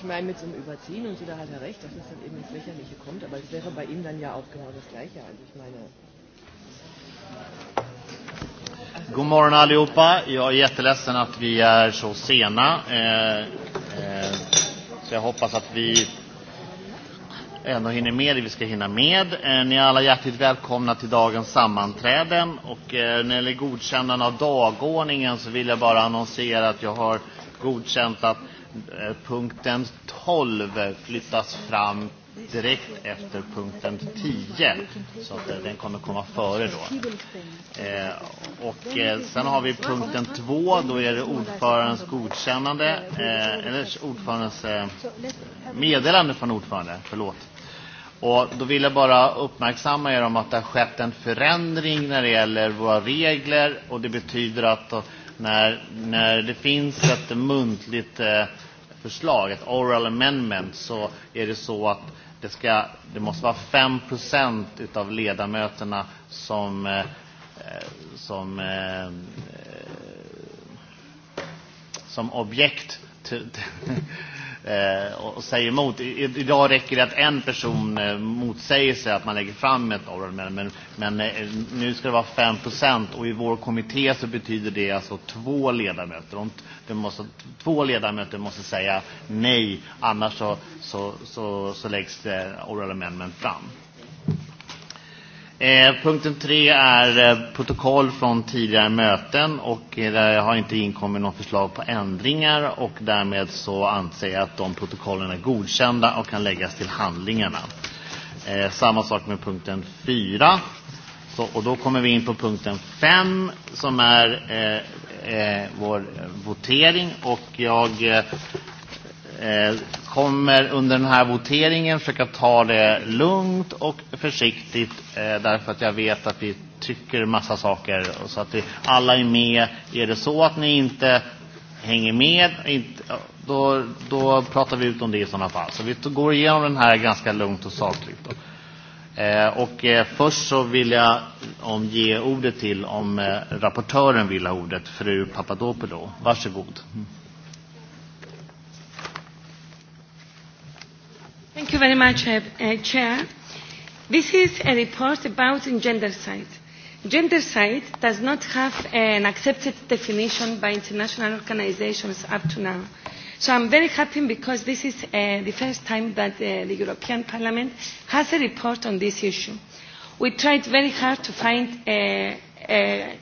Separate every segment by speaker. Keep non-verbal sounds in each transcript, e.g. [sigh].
Speaker 1: Ich meine, mit so einem Überziehen und so, da hat er recht, dass es dann eben ins Lächerliche kommt, aber es wäre bei ihm dann ja auch genau das Gleiche. Also ich meine.
Speaker 2: God morgon allihopa. Jag är jätteledsen att vi är så sena. Eh, eh, så jag hoppas att vi ändå hinner med det vi ska hinna med. Eh, ni är alla hjärtligt välkomna till dagens sammanträden. Och eh, när det gäller godkännande av dagordningen så vill jag bara annonsera att jag har godkänt att Eh, punkten 12 flyttas fram direkt efter punkten 10. Så att eh, den kommer komma före då. Eh, och eh, sen har vi punkten 2. Då är det ordförandens godkännande. Eh, eller ordförandens eh, meddelande från ordförande. Förlåt. Och då vill jag bara uppmärksamma er om att det har skett en förändring när det gäller våra regler. Och det betyder att när, när det finns ett muntligt eh, förslag, ett oral amendment, så är det så att det, ska, det måste vara 5 procent av ledamöterna som, eh, som, eh, som objekt till, Eh, och säger emot. Idag räcker det att en person eh, motsäger sig att man lägger fram ett oral men, men, men eh, nu ska det vara 5 procent och i vår kommitté så betyder det alltså två ledamöter. De, de måste, två ledamöter måste säga nej, annars så, så, så, så läggs det oral amendment fram. Eh, punkten tre är eh, protokoll från tidigare möten och eh, där har inte inkommit något förslag på ändringar och därmed så anser jag att de protokollen är godkända och kan läggas till handlingarna. Eh, samma sak med punkten fyra. Så, och då kommer vi in på punkten fem som är eh, eh, vår votering och jag eh, eh, kommer under den här voteringen försöka ta det lugnt och försiktigt eh, därför att jag vet att vi tycker massa saker och så att vi alla är med. Är det så att ni inte hänger med inte, då, då pratar vi ut om det i sådana fall. Så vi går igenom den här ganska lugnt och sakligt. Då. Eh, och eh, först så vill jag om ge ordet till om eh, rapportören vill ha ordet, fru Papadopoulou. Varsågod. Mm.
Speaker 3: Thank you very much, uh, uh, Chair. This is a report about gendercide. Gendercide does not have an accepted definition by international organizations up to now. So I'm very happy because this is uh, the first time that uh, the European Parliament has a report on this issue. We tried very hard to find a, a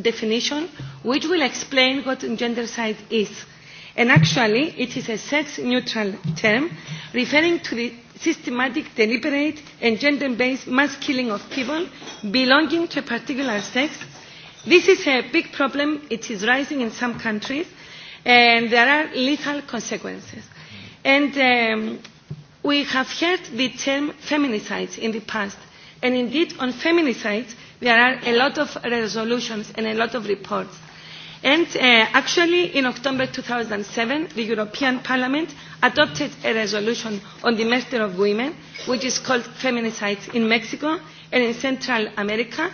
Speaker 3: definition which will explain what gendercide is and actually it is a sex-neutral term referring to the systematic, deliberate and gender-based mass killing of people belonging to a particular sex. This is a big problem. It is rising in some countries and there are lethal consequences. And um, we have heard the term feminicides in the past. And indeed, on feminicides, there are a lot of resolutions and a lot of reports. And uh, actually, in October 2007, the European Parliament adopted a resolution on the murder of women, which is called Feminicides in Mexico and in Central America.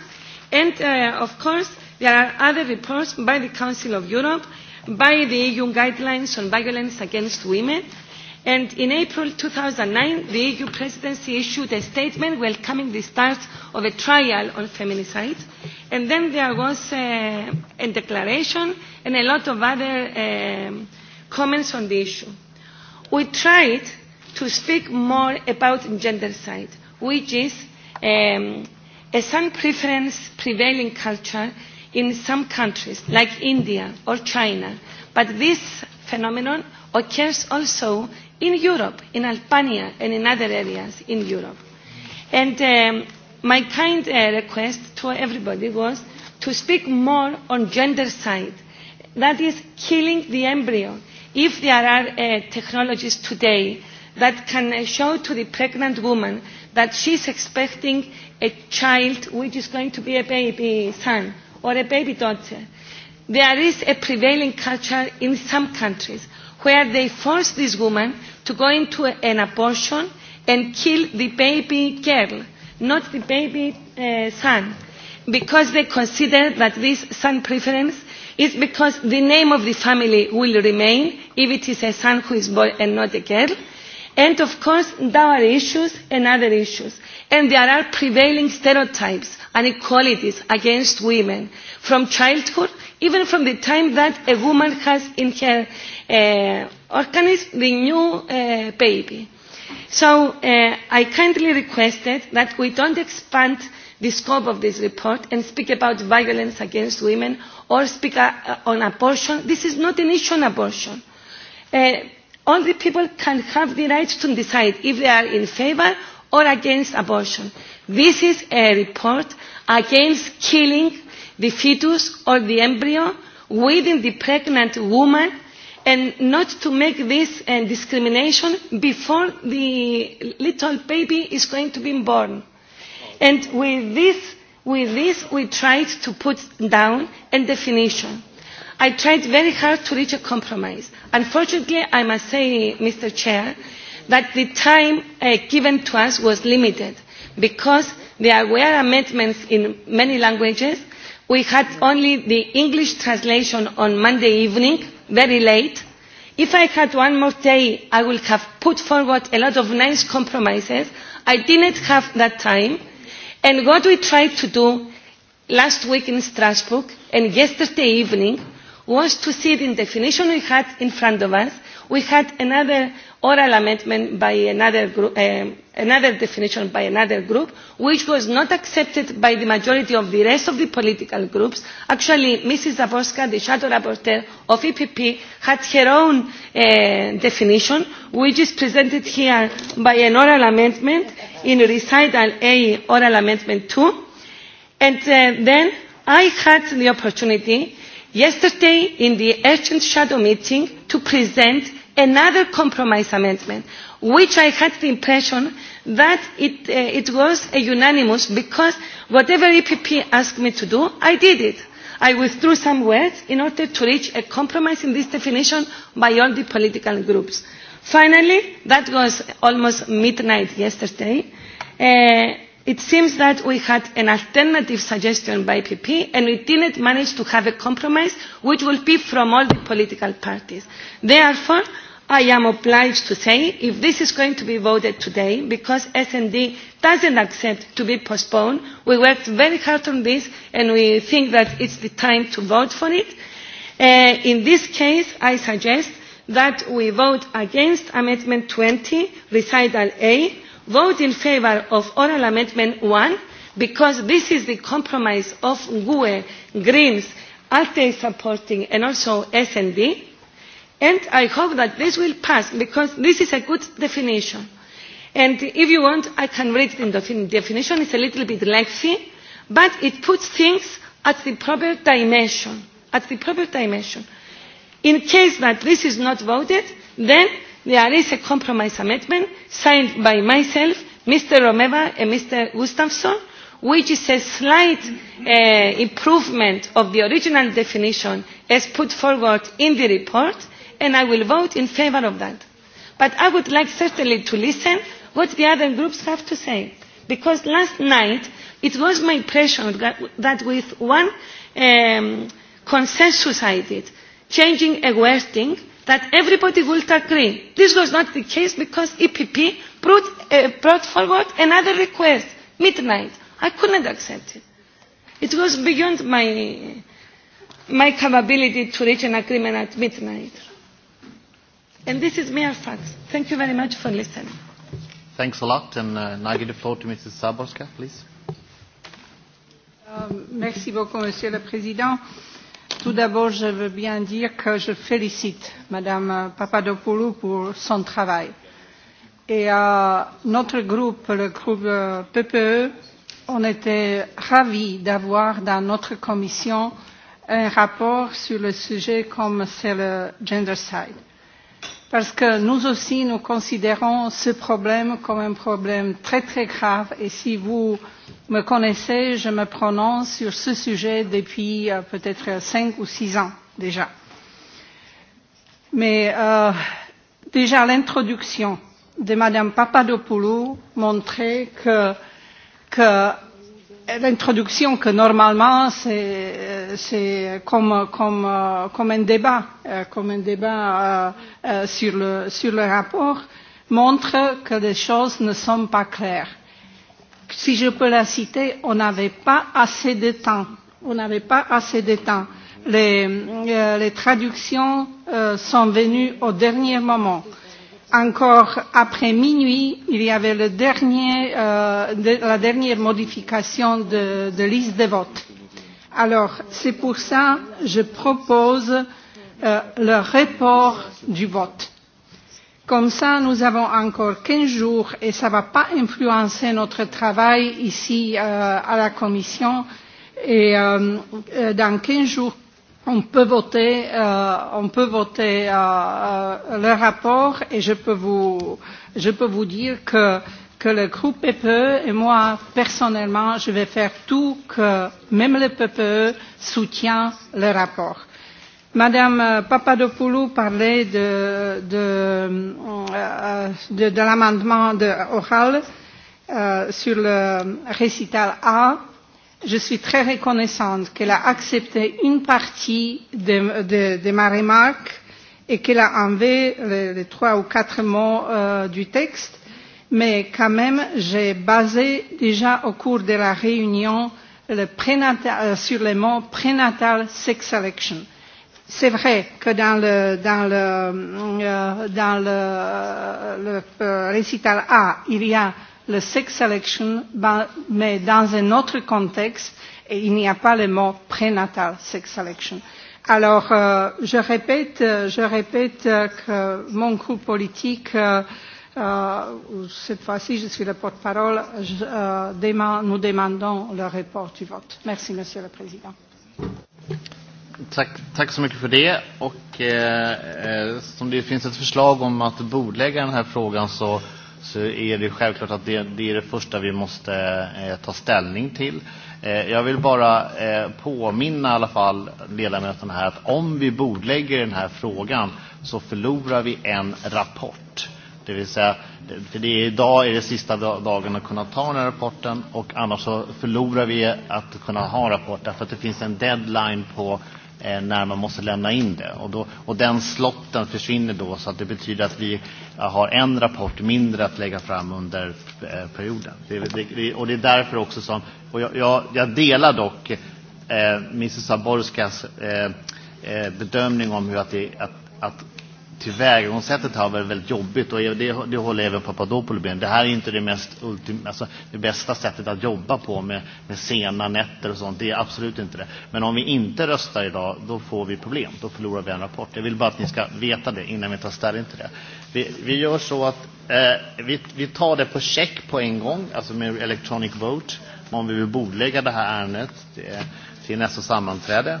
Speaker 3: And, uh, of course, there are other reports by the Council of Europe, by the EU guidelines on violence against women, And in April 2009, the EU presidency issued a statement welcoming the start of a trial on feminicide. And then there was uh, a declaration and a lot of other um, comments on the issue. We tried to speak more about gendercide, which is um, a some preference prevailing culture in some countries like India or China. But this phenomenon occurs also in Europe, in Albania and in other areas in Europe. And um, my kind uh, request to everybody was to speak more on gender side. That is killing the embryo. If there are uh, technologies today that can uh, show to the pregnant woman that she's expecting a child which is going to be a baby son or a baby daughter, there is a prevailing culture in some countries where they forced this woman to go into a, an abortion and kill the baby girl, not the baby uh, son, because they consider that this son preference is because the name of the family will remain if it is a son who is boy and not a girl, and of course dowry issues and other issues. And there are prevailing stereotypes and equalities against women from childhood Even from the time that a woman has in her uh, organism the new uh, baby. So uh, I kindly requested that we don't expand the scope of this report and speak about violence against women or speak uh, on abortion. This is not an issue on abortion. Uh, all the people can have the right to decide if they are in favor or against abortion. This is a report against killing the fetus or the embryo within the pregnant woman and not to make this uh, discrimination before the little baby is going to be born. And with this, with this we tried to put down a definition. I tried very hard to reach a compromise. Unfortunately, I must say, Mr. Chair, that the time uh, given to us was limited because there were amendments in many languages We had only the English translation on Monday evening, very late. If I had one more day, I would have put forward a lot of nice compromises. I didn't have that time. And what we tried to do last week in Strasbourg and yesterday evening was to see the definition we had in front of us. We had another oral amendment by another, group, uh, another definition by another group, which was not accepted by the majority of the rest of the political groups. Actually, Mrs. Zaborska, the shadow rapporteur of EPP, had her own uh, definition, which is presented here by an oral amendment in recital A, oral amendment 2. And uh, then I had the opportunity yesterday in the urgent shadow meeting to present another compromise amendment, which I had the impression that it, uh, it was a unanimous because whatever EPP asked me to do, I did it. I withdrew some words in order to reach a compromise in this definition by all the political groups. Finally, that was almost midnight yesterday. Uh, it seems that we had an alternative suggestion by PP e and we didn't manage to have a compromise which will be from all the political parties. Therefore, I am obliged to say, if this is going to be voted today, because SND doesn't accept to be postponed, we worked very hard on this and we think that it's the time to vote for it. Uh, in this case, I suggest that we vote against Amendment 20, Recital A, vote in favour of Oral Amendment 1, because this is the compromise of GUE, Greens, ALTE supporting and also SND And I hope that this will pass because this is a good definition. And if you want, I can read it in the definition. It's a little bit lengthy, but it puts things at the proper dimension. At the proper dimension. In case that this is not voted, then there is a compromise amendment signed by myself, Mr. Romeva and Mr. Gustafsson, which is a slight uh, improvement of the original definition as put forward in the report and I will vote in favor of that. But I would like certainly to listen what the other groups have to say. Because last night it was my impression that with one um, consensus I did, changing a wording that everybody would agree. This was not the case because EPP brought, uh, brought forward another request, midnight. I couldn't accept it. It was beyond my, my capability to reach an agreement at midnight. And this
Speaker 4: is mere facts. Thank you very much for listening.
Speaker 2: Thanks a lot. And uh, now I give the floor to Mrs. Saborska, please.
Speaker 4: Um, merci beaucoup, Monsieur le Président. Tout d'abord, je veux bien dire que je félicite Madame Papadopoulou pour son travail. Et euh, notre groupe, le groupe euh, PPE, on était ravis d'avoir dans notre commission un rapport sur le sujet comme c'est le side parce que nous aussi, nous considérons ce problème comme un problème très très grave et si vous me connaissez, je me prononce sur ce sujet depuis euh, peut-être cinq ou six ans déjà. Mais euh, déjà l'introduction de Madame Papadopoulou montrait que, que l'introduction que normalement c'est euh, comme, comme, euh, comme un débat, euh, comme un débat sur, le, sur le rapport, montre que les choses ne sont pas claires. Si je peux la citer, on n'avait pas assez de temps. On n'avait pas assez de temps. Les, les traductions sont venues au dernier moment. Euh, Encore après minuit, il y avait le dernier, euh, de, la dernière modification de, de liste de vote. Alors, c'est pour ça que je propose euh, le report du vote. Comme ça, nous avons encore 15 jours et ça ne va pas influencer notre travail ici euh, à la Commission. Et euh, euh dans 15 jours, on peut voter, euh, on peut voter euh, euh, le rapport et je peux vous, je peux vous dire que, que le groupe PPE et moi personnellement, je vais faire tout que même le PPE soutient le rapport. Madame Papadopoulou parlait de, de, euh, de, de l'amendement oral euh, sur le récital A. Euh, Je suis très reconnaissante qu'elle a accepté une partie de, de, de ma remarque et qu'elle a enlevé les, les trois ou quatre mots euh, du texte, mais quand même, j'ai basé déjà au cours de la réunion le prénatal, euh, sur les mots prénatal sex selection. C'est vrai que dans le, dans le, euh, dans le, le, euh, récital A, il y a le sex selection, mais dans un autre contexte, et il n'y a pas le mot prénatal sex selection. Alors, euh, je répète, euh, je répète euh, que mon groupe politique, euh, euh cette fois-ci, je suis le porte-parole, euh, nous demandons le report du vote. Merci, Monsieur le Président.
Speaker 2: Tack, tack så mycket för det. Och eh, eh som det finns ett förslag om att bordlägga den här frågan så så är det självklart att det, det är det första vi måste eh, ta ställning till. Eh, jag vill bara eh, påminna i alla fall ledamöterna här att om vi bordlägger den här frågan så förlorar vi en rapport. Det vill säga, för det är idag är det sista dagen att kunna ta den här rapporten och annars så förlorar vi att kunna ha rapporten för att det finns en deadline på eh, när man måste lämna in det. Och, då, och den slotten försvinner då så att det betyder att vi eh, har en rapport mindre att lägga fram under eh, perioden. Det, det, och det är därför också som, och jag, jag, jag delar dock eh, Mrs. Zaborskas eh, eh, bedömning om hur att, det, att, att tillvägagångssättet har varit väldigt jobbigt och det, det håller även Papadopoulos med Det här är inte det, mest ultim, alltså det bästa sättet att jobba på med, med sena nätter och sånt. Det är absolut inte det. Men om vi inte röstar idag, då får vi problem. Då förlorar vi en rapport. Jag vill bara att ni ska veta det innan vi tar ställning till det. Vi, vi gör så att eh, vi, vi tar det på check på en gång, alltså med electronic vote, om vi vill bordlägga det här ärendet till nästa sammanträde.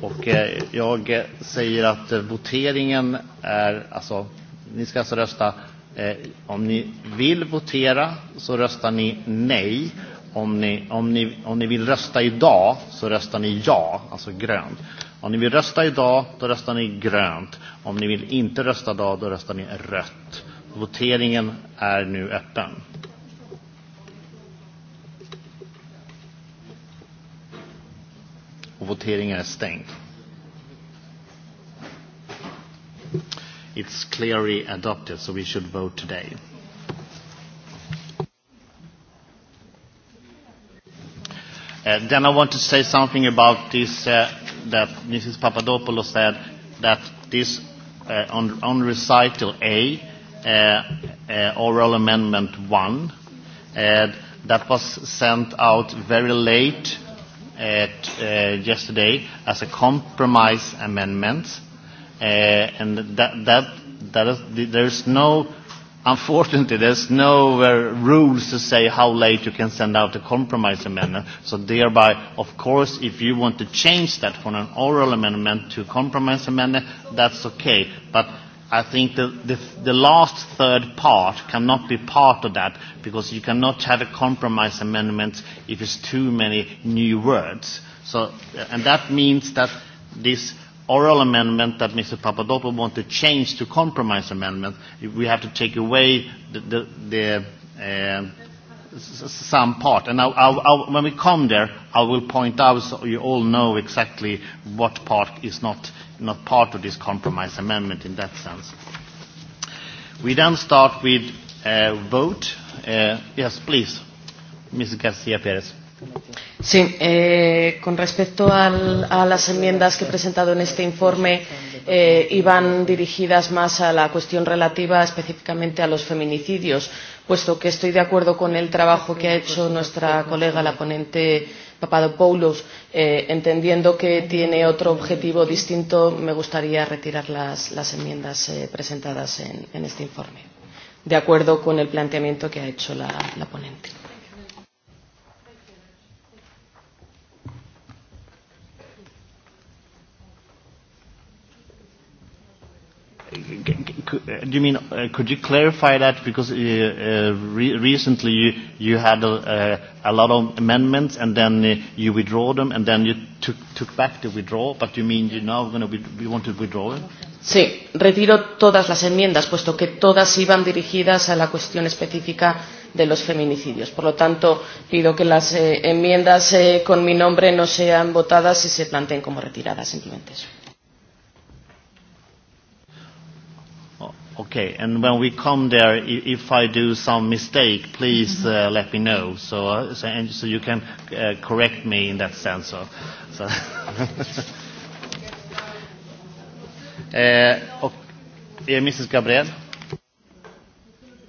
Speaker 2: Och eh, jag säger att eh, voteringen är, alltså, ni ska alltså rösta, eh, om ni vill votera så röstar ni nej. Om ni, om, ni, om ni vill rösta idag så röstar ni ja, alltså grönt. Om ni vill rösta idag då röstar ni grönt. Om ni vill inte rösta idag då röstar ni rött. Voteringen är nu öppen. och voteringen är stängd. It's clearly adopted, so we should vote today. And uh, then I want to say something about this uh, that Mrs. Papadopoulos said that this uh, on, on recital A, uh, uh, oral amendment one, uh, that was sent out very late uh, uh, yesterday as a compromise amendment. Uh, and that, that, that is, there's no, unfortunately, there's no uh, rules to say how late you can send out a compromise amendment. So thereby, of course, if you want to change that from an oral amendment to a compromise amendment, that's okay. But I think the, the, the last third part cannot be part of that because you cannot have a compromise amendment if it's too many new words. So, uh, and that means that this oral amendment that Mr. Papadopoulos wants to change to compromise amendment, we have to take away the, the, the uh, some part. And I'll I'll, I'll, when we come there, I will point out so you all know exactly what part is not, not part of this compromise amendment in that sense. We then start with uh, vote. Uh, yes, please, Ms. Garcia Perez.
Speaker 1: Sí, eh, con respecto al, a las enmiendas que he presentado en este informe, eh, iban dirigidas más a la cuestión relativa
Speaker 3: específicamente a los feminicidios puesto que estoy de acuerdo con el trabajo que ha hecho
Speaker 1: nuestra colega, la ponente Papadopoulos, eh, entendiendo que tiene otro objetivo distinto, me gustaría retirar las, las enmiendas eh, presentadas en,
Speaker 3: en este informe, de acuerdo con el planteamiento que ha hecho la, la ponente.
Speaker 2: do you mean, uh, could you clarify that? Because uh, uh, re recently you, you had a, uh, a lot of amendments and then uh, you withdraw them and then you took, took back the withdrawal, but you mean you're now going to you want to withdraw it?
Speaker 1: Sí, retiro todas las enmiendas, puesto que todas iban dirigidas a la cuestión específica de los feminicidios. Por lo tanto,
Speaker 3: pido que las eh, enmiendas eh, con mi nombre no sean votadas y se planteen como retiradas,
Speaker 2: simplemente eso. Okay, and when we come there, if I do some mistake, please mm-hmm. uh, let me know, so, uh, so, and so you can uh, correct me in that sense. So, so [laughs] uh, okay. yeah, Mrs. Gabriel.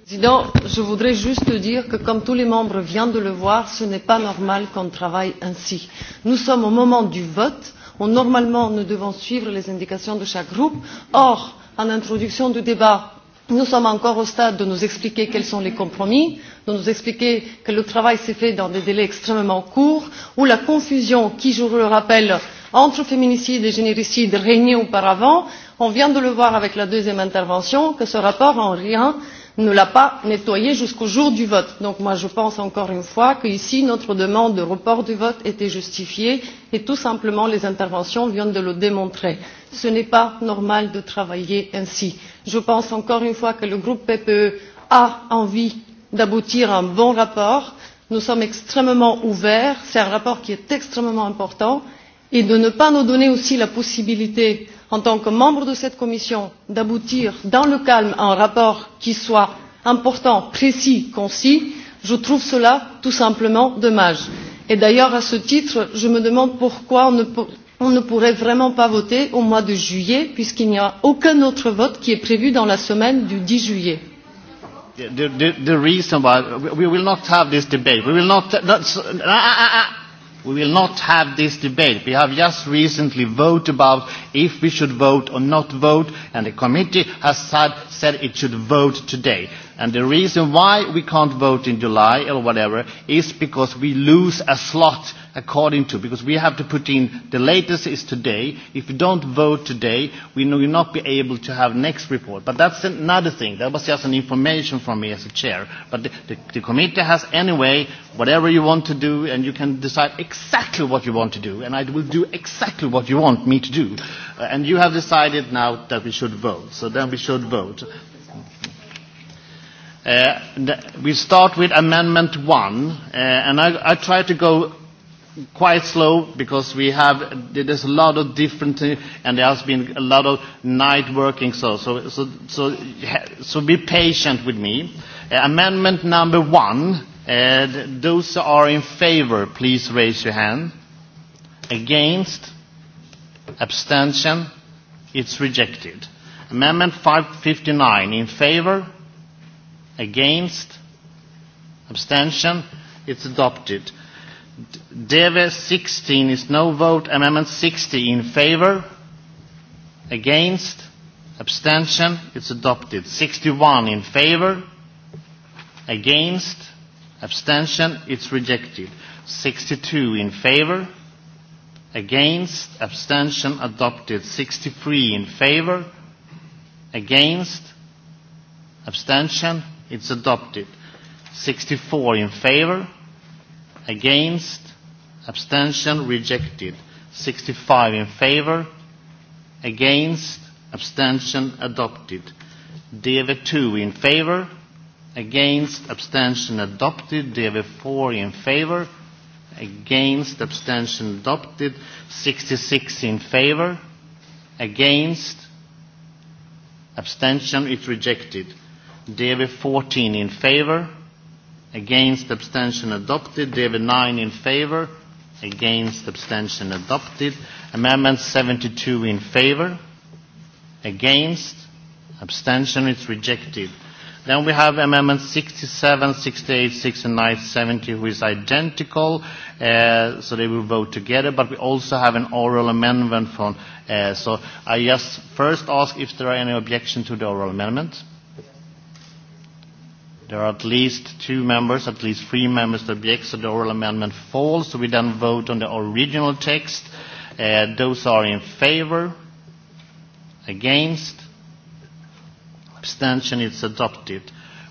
Speaker 1: Président, je voudrais juste dire que comme tous les membres viennent de le voir, ce n'est pas normal qu'on travaille ainsi. Nous sommes au moment du vote, où normalement nous devons suivre les indications de chaque groupe. Or, en introduction du débat, nous sommes encore au stade de nous expliquer quels sont les compromis, de nous expliquer que le travail s'est fait dans des délais extrêmement courts, où la confusion qui, je vous le rappelle, entre féminicide et généricide régnait auparavant, on vient de le voir avec la deuxième intervention, que ce rapport en rien ne l'a pas nettoyé jusqu'au jour du vote. Donc moi je pense encore une fois qu'ici notre demande de report du vote était justifiée et tout simplement les interventions viennent de le démontrer. Ce n'est pas normal de travailler ainsi. Je pense encore une fois que le groupe PPE a envie d'aboutir à un bon rapport. Nous sommes extrêmement ouverts, c'est un rapport qui est extrêmement important et de ne pas nous donner aussi la possibilité en tant que membre de cette commission, d'aboutir dans le calme à un rapport qui soit important, précis, concis, je trouve cela tout simplement dommage. Et d'ailleurs, à ce titre, je me demande pourquoi on ne, on ne pourrait vraiment pas voter au mois de juillet, puisqu'il n'y a aucun autre vote qui est prévu dans la semaine du 10 juillet.
Speaker 2: The, the, the reason why we will not have this debate, we will not, not uh, uh, uh, We will not have this debate. We have just recently voted about if we should vote or not vote, and the committee has said, said it should vote today. And the reason why we can't vote in July or whatever is because we lose a slot according to, because we have to put in, the latest is today. If we don't vote today, we will not be able to have next report. But that's another thing. That was just an information from me as a chair. But the, the, the committee has anyway, whatever you want to do, and you can decide exactly what you want to do. And I will do exactly what you want me to do. Uh, and you have decided now that we should vote. So then we should vote. Uh, we start with Amendment 1, uh, and I, I try to go quite slow because we have there's a lot of different and there has been a lot of night working so so so so, so be patient with me uh, amendment number one uh, those are in favor please raise your hand against abstention it's rejected amendment 559 in favor against abstention it's adopted Deve 16 is no vote. Amendment 60 in favor. Against. Abstention. It's adopted. 61 in favor. Against. Abstention. It's rejected. 62 in favor. Against. Abstention. Adopted. 63 in favor. Against. Abstention. It's adopted. 64 in favor. Against, against, abstention rejected. 65 in favor, against, abstention adopted. DV2 in favor, against, abstention adopted. DV4 in favor, against, abstention adopted. 66 in favor, against, abstention it rejected. DV14 in favor, against, against abstention adopted. were nine in favor, against abstention adopted. Amendment 72 in favor, against abstention It's rejected. Then we have Amendment 67, 68, 69, 70, who is identical, uh, so they will vote together, but we also have an oral amendment from, uh, so I just first ask if there are any objection to the oral amendment. There are at least two members, at least three members that object, so the oral amendment falls. So we then vote on the original text. Uh, those are in favor, against, abstention, it's adopted.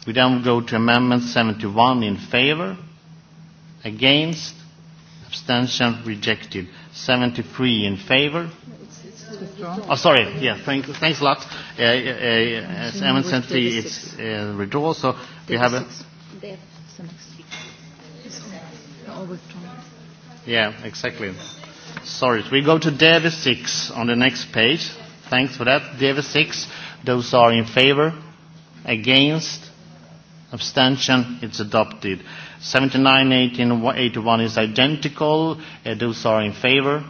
Speaker 2: We then go to amendment 71 in favor, against, abstention, rejected. 73 in favor. Oh, sorry. Yeah, thank, thanks a lot. Uh, uh, uh as Emin sent me, it's uh, withdrawal, so we have a... Yeah, exactly. Sorry, we go to Davis 6 on the next page. Thanks for that. Davis 6, those are in favor, against, abstention, it's adopted. 79, 18, 81 is identical. Uh, those are in favor,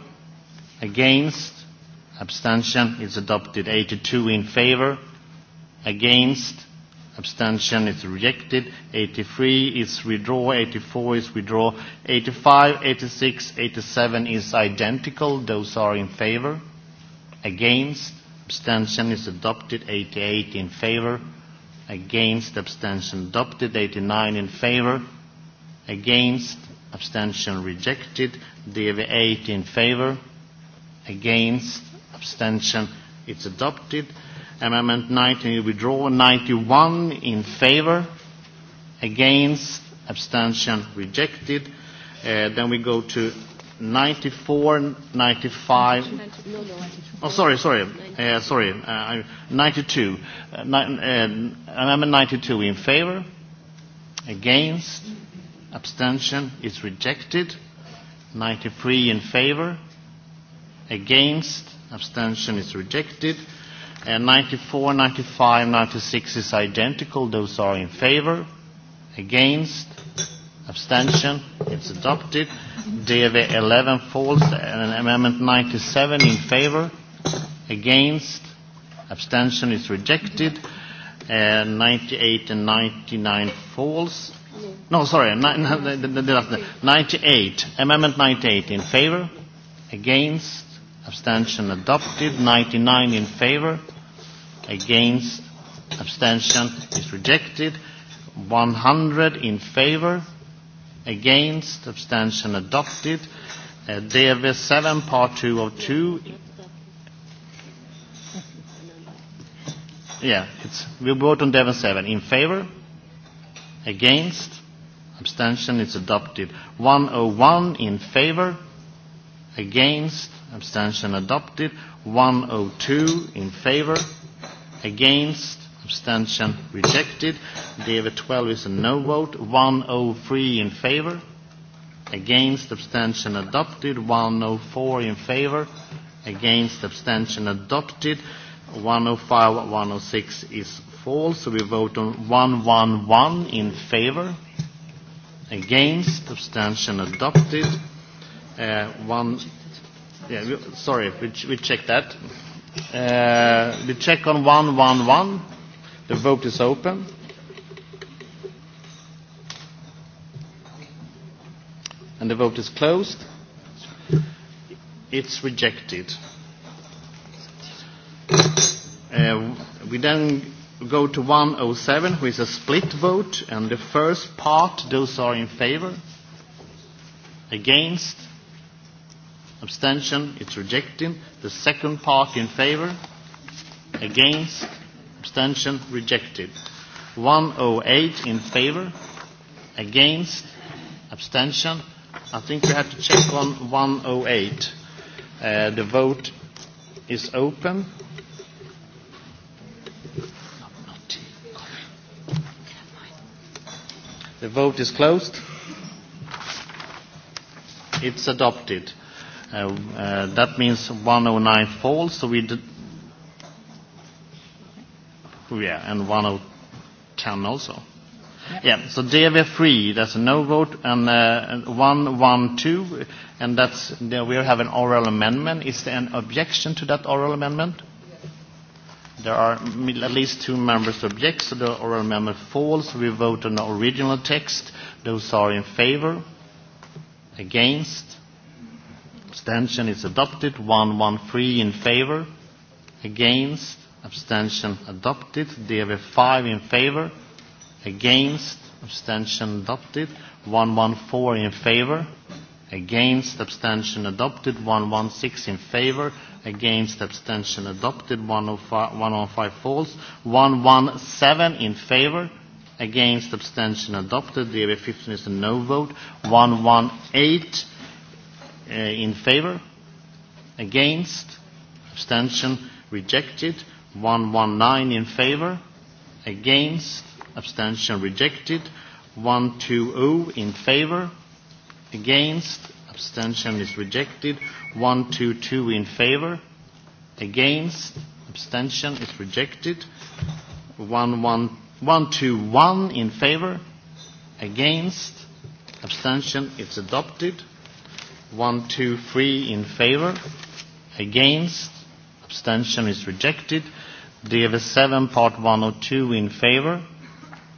Speaker 2: against, abstention is adopted 82 in favor against abstention is rejected 83 is withdraw 84 is withdraw 85 86 87 is identical those are in favor against abstention is adopted 88 in favor against abstention adopted 89 in favor against abstention rejected DV8 in favor against abstention, it's adopted. Amendment 19 you withdraw 91 in favor, against, abstention, rejected. Uh, then we go to 94, 95. No, no, oh, sorry, sorry, uh, sorry. Uh, 92. Uh, uh, amendment 92 in favor, against, abstention is rejected. 93 in favor, against, abstention is rejected. And 94, 95, 96 is identical. Those are in favor, against, abstention, it's adopted. DV 11 falls, and Amendment 97 in favor, against, abstention is rejected. And 98 and 99 falls. No, sorry, 98, Amendment 98 in favor, against, abstention adopted 99 in favor against abstention is rejected 100 in favor against abstention adopted uh, DV 7 part 2 of 2 yeah it's we vote on DV 7 in favor against abstention is adopted 101 in favor against, abstention adopted, 102 in favor, against, abstention rejected, DV12 is a no vote, 103 in favor, against, abstention adopted, 104 in favor, against, abstention adopted, 105, 106 is false, so we vote on 111 in favor, against, abstention adopted, Uh, one, yeah, we, sorry, we, we check that. Uh, we check on 111. The vote is open. And the vote is closed. It's rejected. Uh, we then go to 107, who is a split vote, and the first part, those are in favor, against, abstention, it's rejected. The second part in favor, against, abstention, rejected. 108 in favor, against, abstention. I think we have to check on 108. Uh, the vote is open. The vote is closed. It's adopted. Uh, uh, that means 109 falls, so we did. Oh, yeah, and 110 also. Yeah, so DV3, that's a no vote, and uh, 112, and that's, there we have an oral amendment. Is there an objection to that oral amendment? There are at least two members object, so the oral amendment falls. We vote on the original text. Those are in favor, against, abstention is adopted. 113 in favor, against, abstention adopted. DV5 in favor, against, abstention adopted. 114 in favor, against, abstention adopted. 116 in favor, against, abstention adopted. 105 false. 117 in favor, against, abstention adopted. DV15 is a no vote. 118 uh, in favor, against, abstention rejected, 119 in favor, against, abstention rejected, 120 in favor, against, abstention is rejected, 122 in favor, against, abstention is rejected, 121 in favor, against, abstention it's adopted, One, two, three in favor. Against. Abstention is rejected. DV7 part 102 in favor.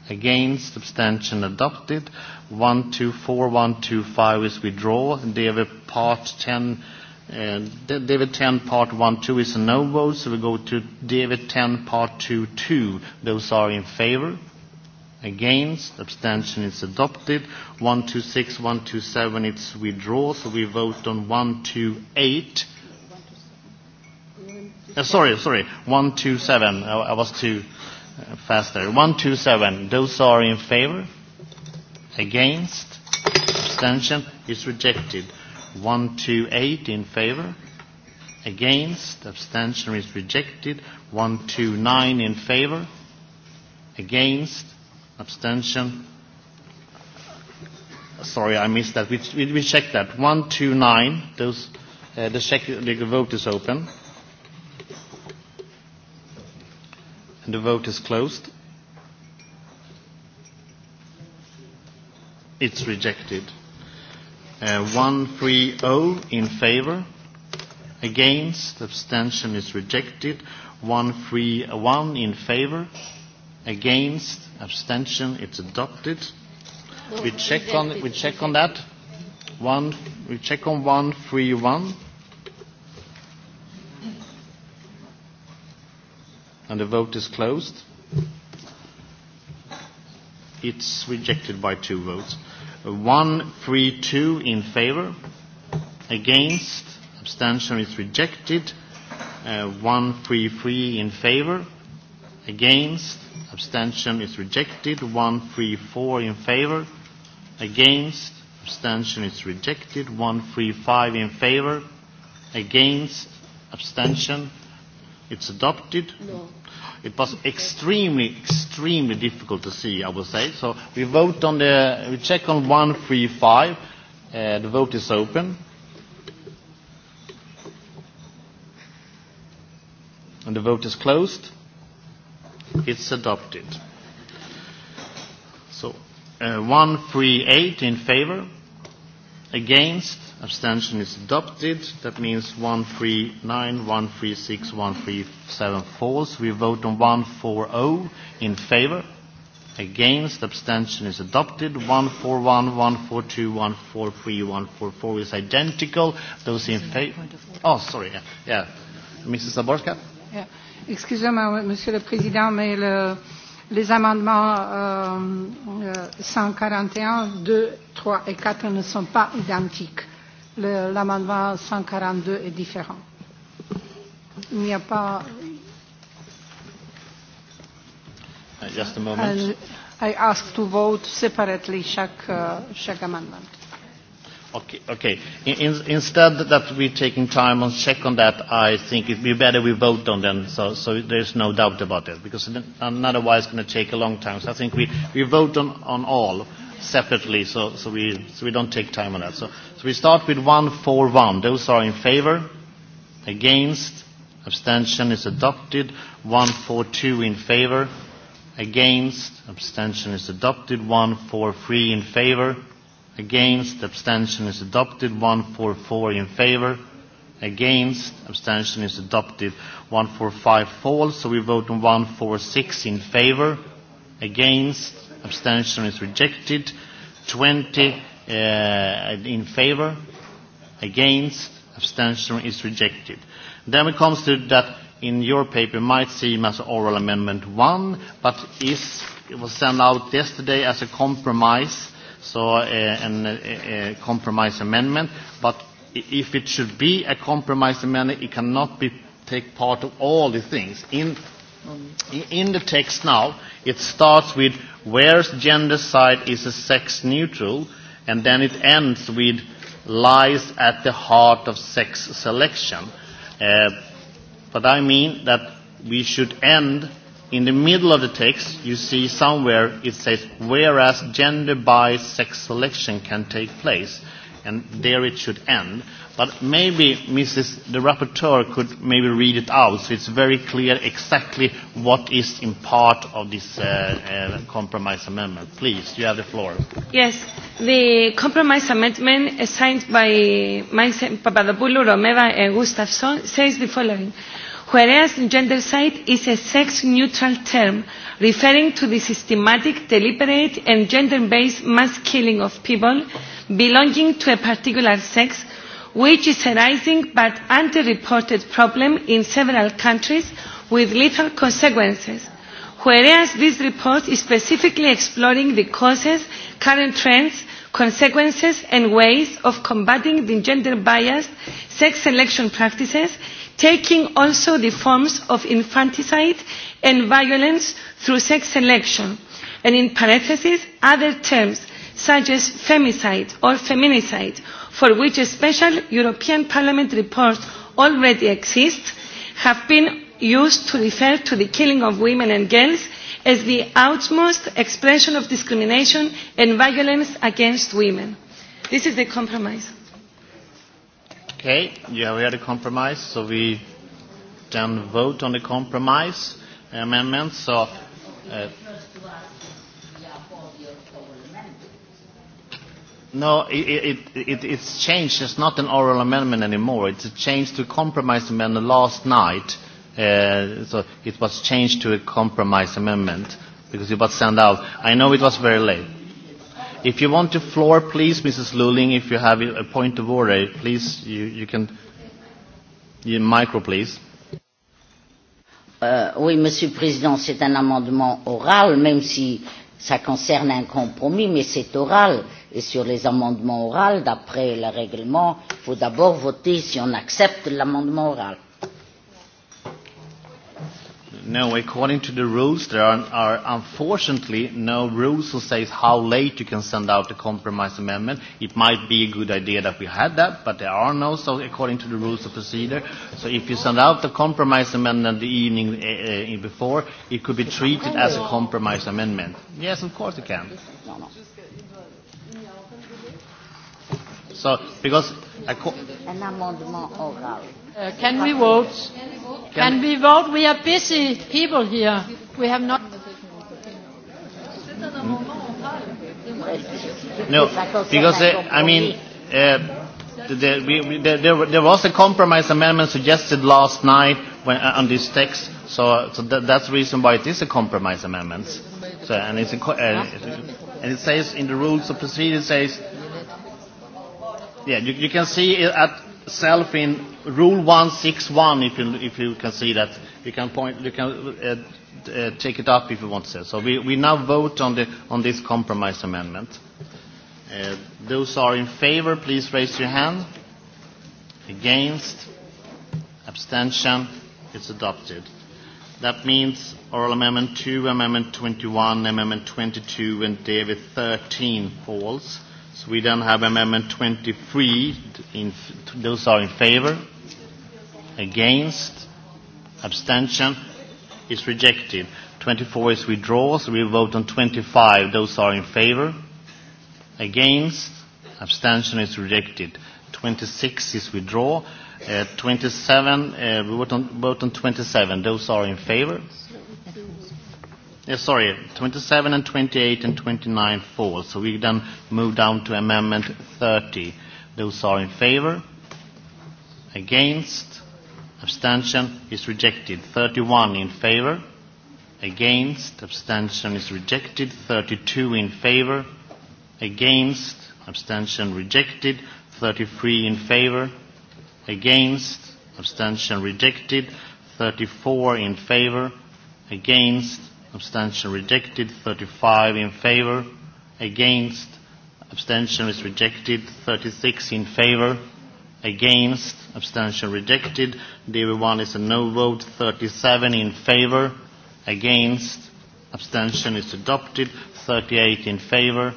Speaker 2: Against. Abstention adopted. 124, 125 is withdrawal. DV part 10. Uh, David 10 part 1 2 is a no vote, so we go to David 10 part 2 2. Those are in favor against, abstention is adopted. 126, 127, it's withdraw, so we vote on 128. Uh, sorry, sorry, 127, I, I was too uh, fast there. 127, those are in favor, against, abstention is rejected. 128 in favor, against, abstention is rejected. 129 in favor, against, Abstention. Sorry, I missed that. We, we, we checked that. 129. Those, uh, the, check, the vote is open. And the vote is closed. It's rejected. Uh, 130 in favor. Against. Abstention is rejected. 131 in favor Against? Abstention? It's adopted. We check on, we check on that. One, we check on 131. And the vote is closed. It's rejected by two votes. One, three, two in favor. Against? Abstention is rejected. Uh, one, three, three in favor against, abstention is rejected. 134 in favor, against, abstention is rejected. 135 in favor, against, abstention, it's adopted. No. It was extremely, extremely difficult to see, I would say. So we vote on the, we check on 135. Uh, the vote is open. And the vote is closed. It's adopted. So, uh, 138 in favor, against, abstention is adopted. That means 139, 136, 137 falls. We vote on 140 in favor, against, abstention is adopted. 141, 142, 143, 144 is identical. Those in favor. Oh, sorry. Yeah. yeah. Mrs. Zaborska?
Speaker 4: Excusez-moi, Monsieur le Président, mais le, les amendements euh, 141, 2, 3 et 4 ne sont pas identiques. L'amendement 142 est différent. Il n'y a pas.
Speaker 2: Uh, just a moment. I,
Speaker 4: I ask to vote separately chaque, euh, chaque amendement.
Speaker 2: Okay, okay. In, in, instead that we're taking time on check on that, I think it'd be better we vote on them, so, so there's no doubt about it, because otherwise it's going to take a long time. So I think we, we vote on, on all separately, so, so, we, so we don't take time on that. So, so we start with 141. Those are in favor, against, abstention is adopted. 142 in favor, against, abstention is adopted. 143 in favor against, abstention is adopted, 144 in favor, against, abstention is adopted, 145 false. so we vote on 146 in favor, against, abstention is rejected, 20 uh, in favor, against, abstention is rejected. Then we comes to that in your paper might seem as oral amendment one, but is, it was sent out yesterday as a compromise so uh, an uh, uh, compromise amendment. But if it should be a compromise amendment, it cannot be take part of all the things. In, in the text now, it starts with where gender side is a sex neutral, and then it ends with lies at the heart of sex selection. Uh, but I mean that we should end in the middle of the text, you see somewhere it says, whereas gender by sex selection can take place. And there it should end. But maybe Mrs. the rapporteur could maybe read it out so it's very clear exactly what is in part of this uh, uh, compromise amendment. Please, you have the floor.
Speaker 3: Yes, the compromise amendment signed by Mike Papadopoulou, Romeva and Gustafsson says the following whereas gender site is a sex-neutral term referring to the systematic, deliberate and gender-based mass killing of people belonging to a particular sex, which is a rising but underreported problem in several countries with lethal consequences. Whereas this report is specifically exploring the causes, current trends, consequences and ways of combating the gender biased sex selection practices taking also the forms of infanticide and violence through sex selection, and in parentheses, other terms such as femicide or feminicide, for which a special European Parliament report already exists, have been used to refer to the killing of women and girls as the outmost expression of discrimination and violence against women. This is the compromise.
Speaker 2: Okay, yeah, we had a compromise, so we then vote on the compromise amendment. So, uh, no, it, it, it, it's changed. It's not an oral amendment anymore. It's a change to compromise amendment last night. Uh, so it was changed to a compromise amendment because it was sent out. I know it was very late. If you want the floor, please, Mrs. Luling, if you have a point of order, please, you, you can... You, micro, please.
Speaker 4: Uh, oui, Monsieur le Président, c'est un amendement oral, même si ça concerne un compromis, mais c'est oral. Et sur les amendements oraux, d'après le règlement, il faut d'abord voter si on accepte l'amendement oral.
Speaker 2: No, according to the rules, there are, are unfortunately no rules that say how late you can send out a compromise amendment. It might be a good idea that we had that, but there are no, so according to the rules of procedure. So if you send out the compromise amendment the evening uh, uh, before, it could be treated as a compromise amendment. Yes, of course it can. So, because... An
Speaker 1: amendment oral. Uh, can we vote? Can we vote? We are busy people here. We have not.
Speaker 2: No, because uh, I mean, uh, there, we, there, there was a compromise amendment suggested last night when, uh, on this text, so, so that, that's the reason why it is a compromise amendment. So, and, it's a, uh, and it says in the rules of procedure, it says, yeah, you, you can see it at Self in Rule 161, if you, if you can see that. You can, point, you can uh, uh, take it up if you want to. say. So we, we now vote on, the, on this compromise amendment. Uh, those are in favor, please raise your hand. Against? Abstention? It's adopted. That means Oral Amendment 2, Amendment 21, Amendment 22, and David 13 falls. So we then have Amendment 23. In, those are in favor. Against. Abstention is rejected. 24 is withdrawal, so we vote on 25. Those are in favor. Against. Abstention is rejected. 26 is withdraw. Uh, 27, uh, we vote on, vote on 27. Those are in favor. Yeah, sorry, 27 and 28 and 29 fall. So we then move down to Amendment 30. Those are in favor, against, abstention is rejected. 31 in favor, against, abstention is rejected. 32 in favor, against, abstention rejected. 33 in favor, against, abstention rejected. 34 in favor, against, abstention rejected 35 in favor against abstention is rejected 36 in favor against abstention rejected DV1 is a no vote 37 in favor against abstention is adopted 38 in favor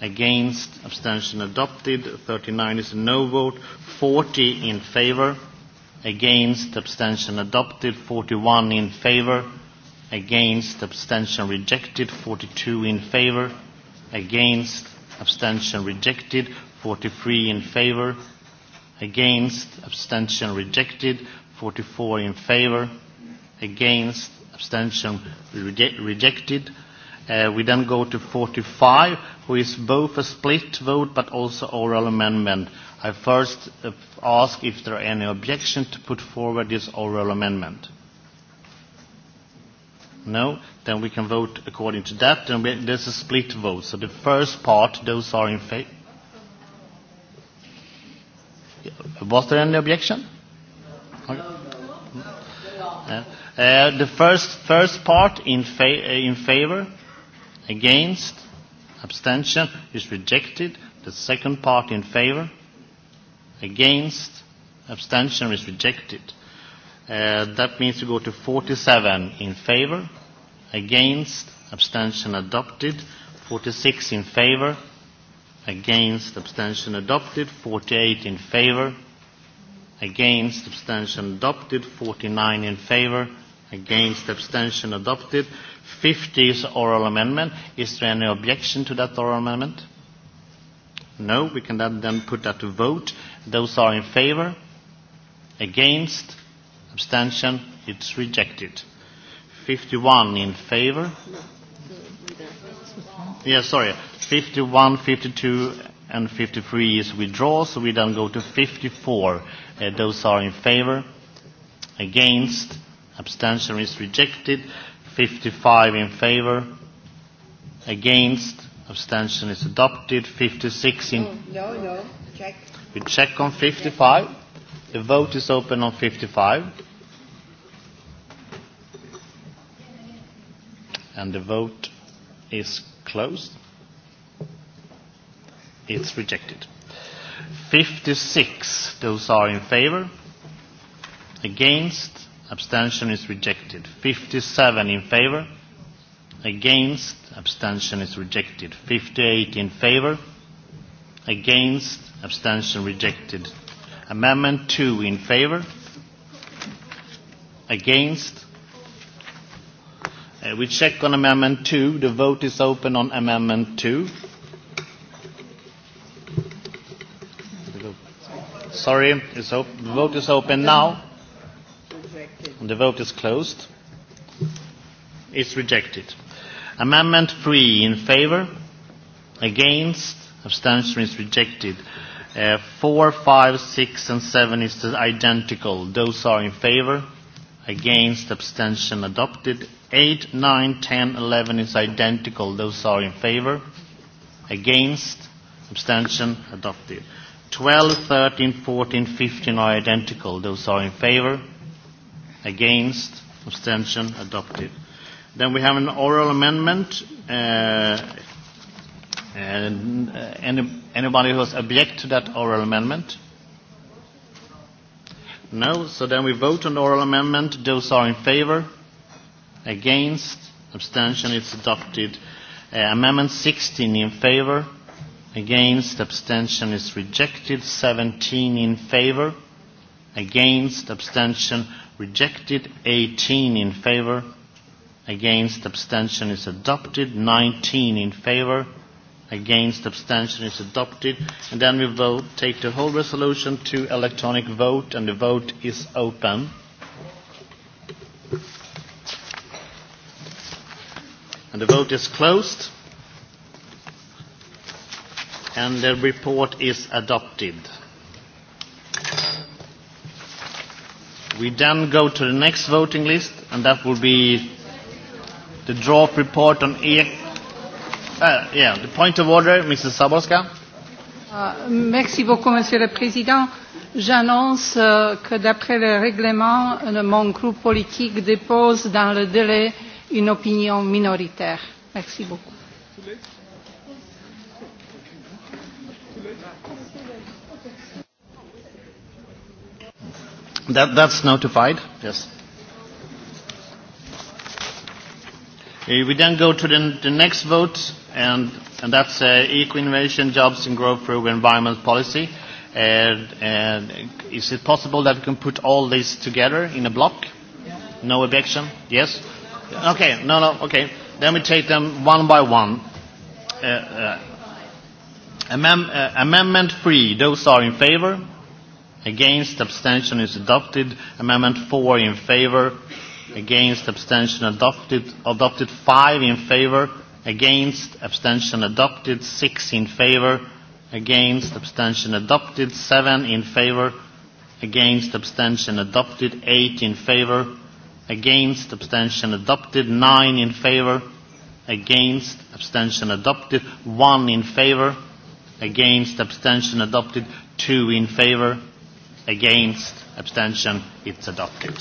Speaker 2: against abstention adopted 39 is a no vote 40 in favor against abstention adopted 41 in favor against abstention rejected 42 in favor against abstention rejected 43 in favor against abstention rejected 44 in favor against abstention re rejected uh, we then go to 45 who is both a split vote but also oral amendment I first uh, ask if there are any objection to put forward this oral amendment No? Then we can vote according to that. And we, there's a split vote. So the first part, those are in favor. Was there any objection? No, no, no. Uh, uh, the first, first part in, fa uh, in favor, against, abstention is rejected. The second part in favor, against, abstention is rejected. Uh, that means we go to 47 in favor, against, abstention adopted. 46 in favor, against, abstention adopted. 48 in favor, against, abstention adopted. 49 in favor, against, abstention adopted. 50 is oral amendment. Is there any objection to that oral amendment? No, we can then put that to vote. Those are in favor, against, abstention, it's rejected. 51 in favor. Yeah, sorry. 51, 52, and 53 is withdraw, so we then go to 54. Uh, those are in favor. Against, abstention is rejected. 55 in favor. Against, abstention is adopted. 56 in... Oh, no, no, check. We check on 55. The vote is open on 55. And the vote is closed. It's rejected. 56, those are in favor. Against, abstention is rejected. 57 in favor. Against, abstention is rejected. 58 in favor. Against, abstention rejected. Amendment 2 in favor. Against. Uh, we check on Amendment 2. The vote is open on Amendment 2. Sorry, it's op the vote is open now. And the vote is closed. It's rejected. Amendment 3 in favor. Against. Abstention is rejected. Uh, four, five, six, and seven is identical. Those are in favor. Against, abstention adopted. Eight, nine, ten, eleven is identical. Those are in favor. Against, abstention adopted. 12, 13, 14, 15 are identical. Those are in favor. Against, abstention adopted. Then we have an oral amendment. Uh, And uh, any, anybody who has object to that oral amendment? No, so then we vote on the oral amendment. Those are in favor, against, abstention, it's adopted. Uh, amendment 16 in favor, against, abstention is rejected. 17 in favor, against, abstention rejected. 18 in favor, against, abstention is adopted. 19 in favor, against abstention is adopted and then we vote take the whole resolution to electronic vote and the vote is open and the vote is closed and the report is adopted we then go to the next voting list and that will be the draft report on e Uh, yeah, the point of order, Mrs. Saborska.
Speaker 4: Uh, merci beaucoup, Monsieur le Président. J'annonce uh, que d'après le règlement, uh, mon groupe politique dépose dans le délai une opinion minoritaire. Merci
Speaker 2: beaucoup. That, that's notified, yes. If eh, we then go to the, the next vote, and, and that's uh, Eco Innovation, Jobs and Growth Through Environment Policy. And, and is it possible that we can put all these together in a block? Yeah. No objection? Yes? Okay, no, no, okay. Then we take them one by one. Uh, uh, amem uh, amendment 3, those are in favor. Against, abstention is adopted. Amendment 4 in favor against abstention adopted adopted five in favor against abstention adopted six in favor against abstention adopted seven in favor against abstention adopted eight in favor against abstention adopted nine in favor against abstention adopted one in favor against abstention adopted two in favor against abstention it's adopted